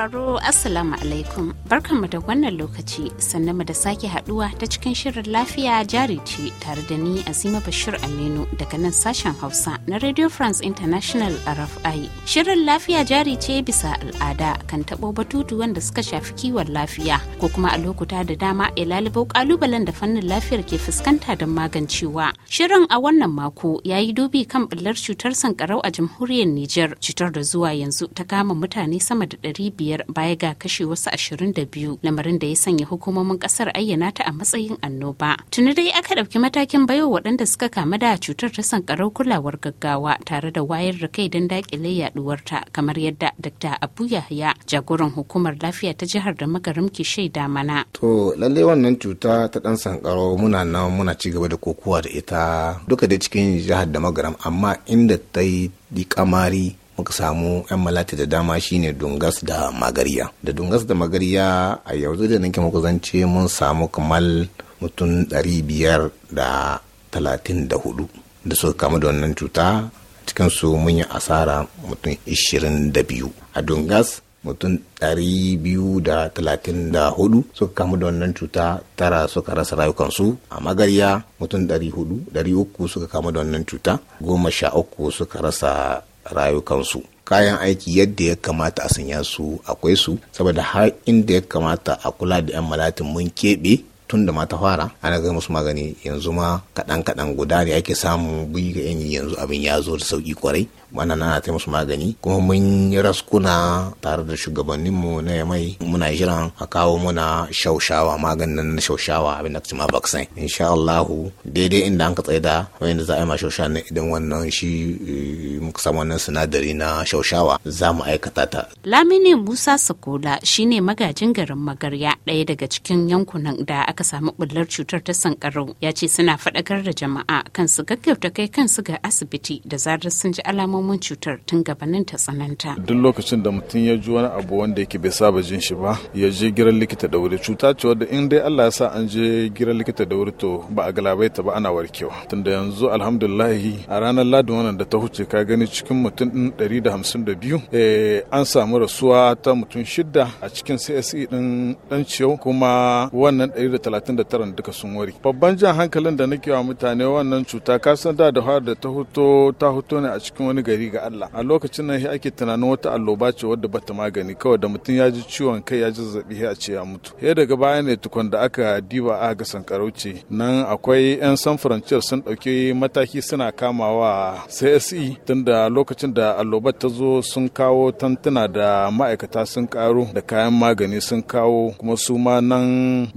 sauraro Assalamu alaikum barkanmu da wannan lokaci sannan mu da sake haduwa ta cikin shirin lafiya jari ce tare da ni Azima Bashir Aminu daga nan sashen Hausa na Radio France International RFI. Shirin lafiya jari ce bisa al'ada kan tabo batutu wanda suka shafi kiwon lafiya ko kuma a lokuta da dama ya lalubo kalubalen da fannin lafiyar ke fuskanta don magancewa. Shirin a wannan mako ya yi dubi kan bullar cutar sankarau a jamhuriyar Nijar cutar da zuwa yanzu ta kama mutane sama da 500 biyar baya ga kashe wasu ashirin da biyu lamarin da ya sanya hukumomin kasar ayyana ta a matsayin annoba tuni dai aka ɗauki matakin baiwa waɗanda suka kama da cutar ta sankarau kulawar gaggawa tare da wayar da kai don dakile ta kamar yadda dr abu yahya jagoran hukumar lafiya ta jihar da magarim ke shaida mana to lallai wannan cuta ta ɗan sankarau muna nan muna ci gaba da kokowa da ita duka da cikin jihar da magaram amma inda ta yi kamari muka samu yan malati da dama shine dungas da magariya da dungas da magariya a yanzu da nake muku mun samu kamal mutum ɗari biyar da talatin da da suka kamu da wannan cuta cikinsu mun yi asara mutum ishirin a dungas mutum 234 suka kamu da wannan cuta tara suka rasa rayukansu a magarya mutum 300 suka kamu da wannan cuta goma sha uku suka rasa rayukansu kayan aiki yadda ya kamata a sanya su akwai su saboda har inda ya kamata a kula da 'yan malatin mun keɓe tun da mata fara ana ga musu magani yanzu ma kaɗan kaɗan guda ne ake samun buyi ga yanzu abin ya zo da sauƙi kwarai ana nan ta musu magani kuma mun yi raskuna tare da shugabanninmu na yamai muna jiran a kawo muna shaushawa maganin na shaushawa abin da ma vaccine insha Allahu daidai inda an ka tsaye da wanda za a yi ma shaushawa ne idan wannan shi eh, muka samu wannan sinadari na shaushawa za mu aikata ta Lamini Musa Sakola shine magajin garin Magarya ɗaya daga cikin yankunan da aka samu bullar cutar ta sankarau ya ce suna faɗakar da jama'a kan su gaggauta kai kansu ga asibiti da zarar sun ji alama. alamomin cutar tun gabanin ta tsananta. Duk lokacin da mutum ya ji wani abu wanda yake bai saba jin shi ba ya je giran likita da wuri cuta ce wadda in dai Allah ya sa an je gidan likita da wuri to ba a ta ba ana warkewa. Tunda yanzu alhamdulahi a ranar ladin wannan da ta huce ka gani cikin mutum ɗin ɗari da hamsin da biyu eh, an samu rasuwa ta mutum shida a cikin CSE ɗin ɗan ciyau kuma wannan ɗari da talatin da tara duka sun wari. Babban jan hankalin da nake wa mutane wannan cuta kasan da da da ta huto ta huto ne a cikin wani gari ga Allah a lokacin nan ake tunanin wata alloba ce wadda bata magani kawai da mutum ya ji ciwon kai ya ji zazzabi a ce ya mutu he daga baya ne tukun da aka diba a ga sankarau nan akwai yan san frontier sun ɗauki mataki suna kamawa CSE tunda lokacin da allobar ta zo sun kawo tantuna da ma'aikata sun karo da kayan magani sun kawo kuma su ma nan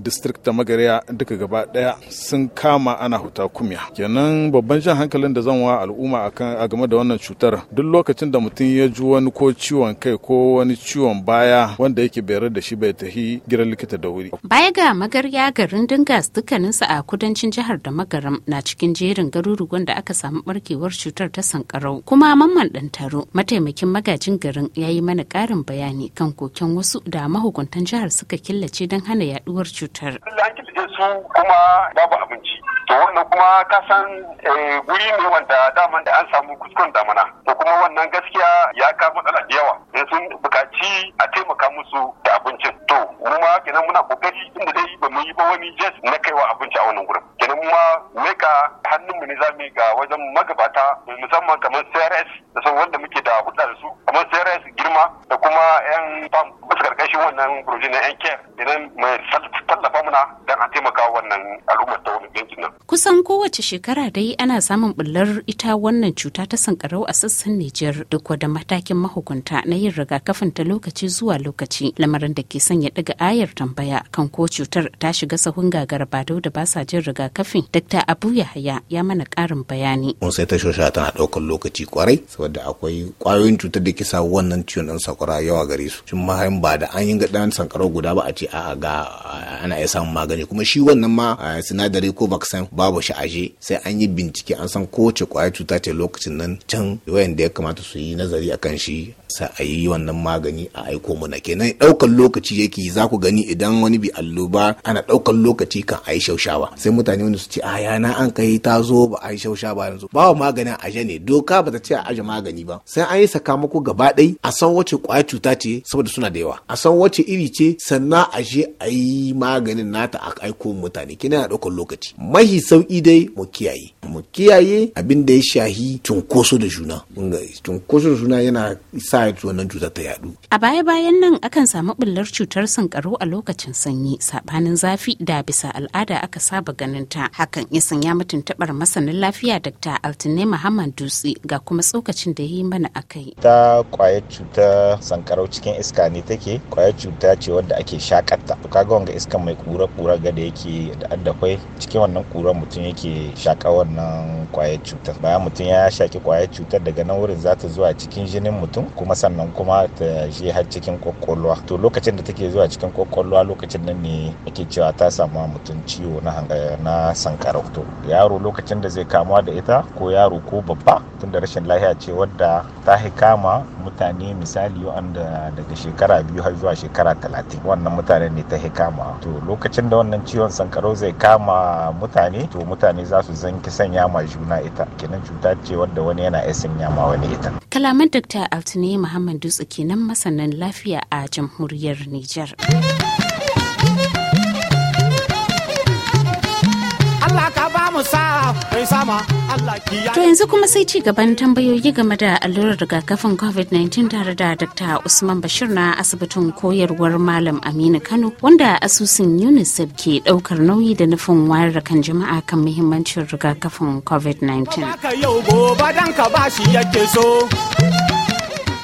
district ta magariya duka gaba daya sun kama ana huta kumya kenan babban jan hankalin da zan wa al'umma akan a game da wannan cutar. cutar duk lokacin da mutum ya ji wani ko ciwon kai ko wani ciwon baya wanda yake bayar da shi bai tafi gidan likita da wuri. Baya ga magarya garin Dingas dukkaninsu a kudancin jihar da magaram na cikin jerin garuruwan da aka samu barkewar cutar ta sankarau kuma mamman dan taro mataimakin magajin garin ya yi mana karin bayani kan koken wasu da mahukuntan jihar suka killace don hana yaduwar cutar. kuma babu abinci to wannan kuma ka san eh, guri ne wanda daman da an samu kuskon damana to kuma wannan gaskiya ya ka matsala da yawa in sun bukaci a taimaka musu da abincin to mu ma kenan muna kokari inda dai ba mu yi ba wani jes na kaiwa abinci a wannan gurin kenan mu ma ka hannun mu ne za ga wajen magabata musamman kamar CRS da sun wanda muke da hulɗa da su kamar CRS girma da kuma yan fam bisa karkashin wannan burjin na yan care idan mai tallafa mana don a taimaka wannan al'ummar ta wani yankin nan. Kusan kowace shekara dai ana samun bullar ita wannan cuta ta sankarau a sassan Nijar duk da matakin mahukunta na yin rigakafin ta lokaci zuwa lokaci lamarin da ke sanya daga ayar tambaya kan ko cutar ta shiga sahun gagara ba da ba sa jin rigakafin. Dr. Abu Yahaya ya mana karin bayani. Mun sai ta shosha tana daukan lokaci kwarai saboda akwai kwayoyin cutar da ke sa wannan ciwon ɗan sakwara yawa gare su. Shin ba da an yi ga ɗan sankarau guda ba a ce a ga ana iya samu magani kuma shi wannan ma sinadari ko vaccine babu shi aje sai an yi bincike an san kowace kwaya cuta ce lokacin nan can wayanda ya kamata su yi nazari akan shi sai a yi wannan magani a aiko muna kenan ɗaukar lokaci yake za ku gani idan wani bi allo ba ana ɗaukar lokaci kan a yi shaushawa sai mutane wani su ce a yana an kai ta zo ba a yi shaushawa yanzu ba maganin aje ne doka ba ta ce a aje magani ba sai an yi sakamako gaba ɗai a san wace kwaya cuta ce saboda suna da yawa a san wace iri ce sannan a je a yi maganin nata a aiko mutane kina yana ɗaukar lokaci mahi sauki dai mu kiyaye mu kiyaye abin da ya shahi cunkoso da juna cunkoso da juna yana sa wannan cuta ta yadu a baya bayan nan akan samu bullar cutar sankaro a lokacin sanyi sabanin zafi da bisa al'ada aka saba ganin ta hakan ya sanya mutum tabar masanin lafiya dr altine muhammad dutse ga kuma tsokacin da ya yi mana akai ta kwayar cuta sankarau cikin iska ne take kwayar cuta ce wadda ake shakatta to kaga wanga iskan mai kura kura-kura ga da yake da addafai cikin wannan kuran mutum yake shaƙa wannan kwayar cutar bayan mutum ya shaƙi kwayar cutar daga nan wurin za ta zuwa cikin jinin mutum kuma sannan kuma ta je har cikin kwakwalwa to lokacin da take zuwa cikin kwakwalwa lokacin nan ne ake cewa ta samu mutum ciwo na sankarau to yaro lokacin da zai kamuwa da ita ko yaro ko babba tunda rashin lafiya ce wadda ta kama mutane misali wanda daga shekara biyu har zuwa shekara talatin wannan mutane ne ta kama to lokacin da wannan ciwon sankarau zai kama mutane to mutane za su zanki sanya ma juna ita kenan cuta ce wanda wani yana iya sanya ma wani ita kalaman dr altine muhammad dutse kenan masanin lafiya a jamhuriyar nijar. To yanzu kuma sai ci gaban tambayoyi game da allurar rigakafin COVID-19 tare da Dr. Usman Bashir na asibitin koyarwar Malam Aminu Kano wanda asusun UNICEF ke daukar nauyi da nufin wayar da kan jama'a kan muhimmancin rigakafin COVID-19.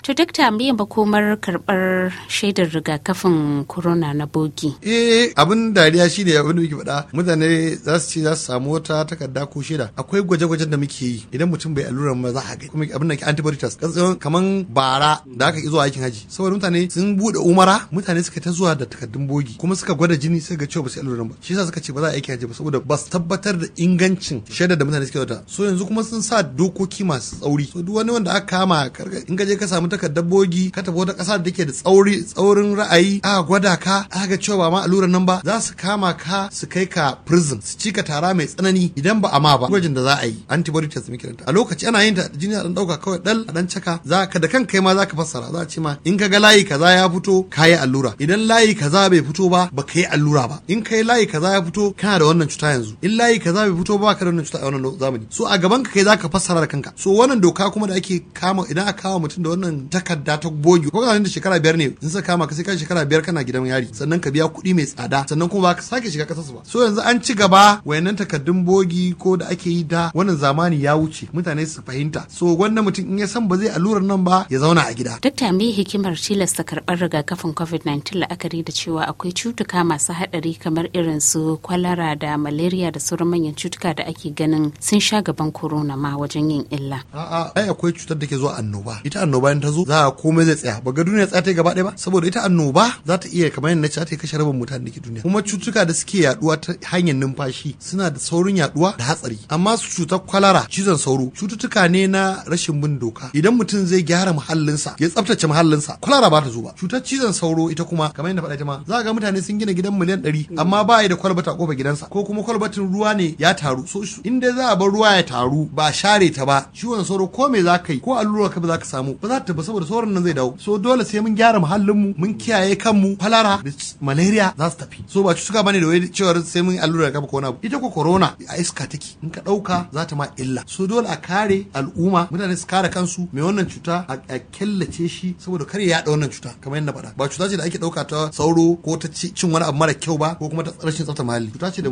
To duk tambayin ba komar karɓar shaidar rigakafin corona na bogi. Eh abin dariya shi ne abin da muke faɗa mutane za su ce za su samu wata takarda ko shaida akwai gwaje-gwajen da muke yi idan mutum bai allurar ba za a ga kuma abin da ke antibody test kaman bara da aka zuwa aikin haji saboda mutane sun bude umara mutane suka ta zuwa da takardun bogi kuma suka gwada jini suka ga cewa ba su allurar ba shi yasa suka ce ba za a aikin haji ba saboda ba su tabbatar da ingancin shaidar da mutane suke da so yanzu kuma sun sa dokoki masu tsauri so duk wani wanda aka kama in ka je ka samu cututtukan dabbobi ka tafi wata ƙasa da ke da tsauri tsaurin ra'ayi a gwada ka a ga cewa ba ma allurar nan ba za su kama ka su kai ka prison su cika tara mai tsanani idan ba a ma ba gwajin da za a yi antibody test kiranta. a lokaci ana yin ta jini a dan dauka kawai dal a dan caka za ka da kan kai ma za ka fassara za a ce ma in ka ga layi kaza ya fito ka yi allura idan layi kaza bai fito ba ba ka yi allura ba in kai layi kaza ya fito kana da wannan cuta yanzu in layi kaza bai fito ba ka da wannan cuta a wannan zamani so a gaban ka kai za ka fassara da kanka so wannan doka kuma da ake kama idan aka kama mutum da wannan takarda ta bogi ko da shekara biyar ne in sa kama ka sai ka shekara biyar kana gidan yari sannan ka biya kuɗi mai tsada sannan kuma ba ka sake shiga kasarsu ba so yanzu an ci gaba wayannan takardun bogi ko da ake yi da wannan zamani ya wuce mutane su fahimta so wannan mutum in ya san ba zai alurar nan ba ya zauna a gida dakta me hikimar tilasta karɓar rigakafin covid-19 la'akari da cewa akwai cutuka masu haɗari kamar irin su kwalara da malaria da sauran manyan cutuka da ake ganin sun sha gaban corona ma wajen yin illa a'a ai akwai cutar da ke zuwa annoba ita annoba ta ta zo za a komai zai tsaya ba ga duniya tsaya ta gaba ɗaya ba saboda ita annoba za ta iya kamar yadda za ta kashe rabin mutane da ke duniya kuma cutuka da suke yaduwa ta hanyar numfashi suna da saurin yaduwa da hatsari amma su cutar kwalara cizon sauro cututtuka ne na rashin bin doka idan mutum zai gyara muhallinsa ya tsaftace muhallinsa kwalara ba ta zo ba cutar cizon sauro ita kuma kamar yadda faɗa ita ma za ga mutane sun gina gidan miliyan ɗari amma ba yi da kwalbata kofar gidansa ko kuma kwalbatin ruwa ne ya taru so in dai za a bar ruwa ya taru ba share ta ba ciwon sauro ko me za ka yi ko allura ka ba za ka samu ba za ta ba saboda sauran nan zai dawo so dole sai mun gyara mu mun kiyaye kanmu falara da malaria za su tafi so ba cutuka bane da wai cewar sai mun allura da kafa ko na ita ko corona a iska take in ka dauka za ta ma illa so dole a kare al'umma mutane su kare kansu mai wannan cuta a killace shi saboda kar ya da wannan cuta kamar yadda faɗa ba cuta ce da ake dauka ta sauro ko ta cin wani abu mara kyau ba ko kuma ta rashin tsafta muhalli cuta ce da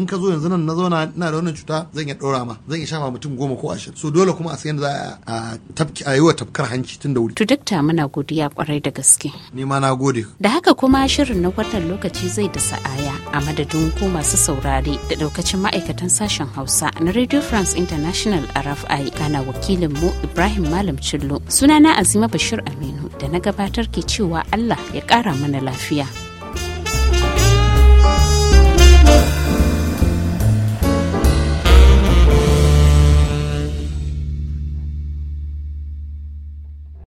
in ka zo yanzu nan na zauna ina da wannan cuta zan iya dora ma zan iya shafa mutum goma ko ashirin so dole kuma a san yadda za a yi wa tafkar hanci tun da wuri. To muna godiya kwarai da gaske. Ni ma na gode. Da haka kuma shirin na wannan lokaci zai da sa'aya a madadin ku masu saurare da daukacin ma'aikatan sashen Hausa na Radio France International RFI kana wakilin mu Ibrahim Malam Cillo. Sunana Azima Bashir Aminu da na gabatar ke cewa Allah ya kara mana lafiya.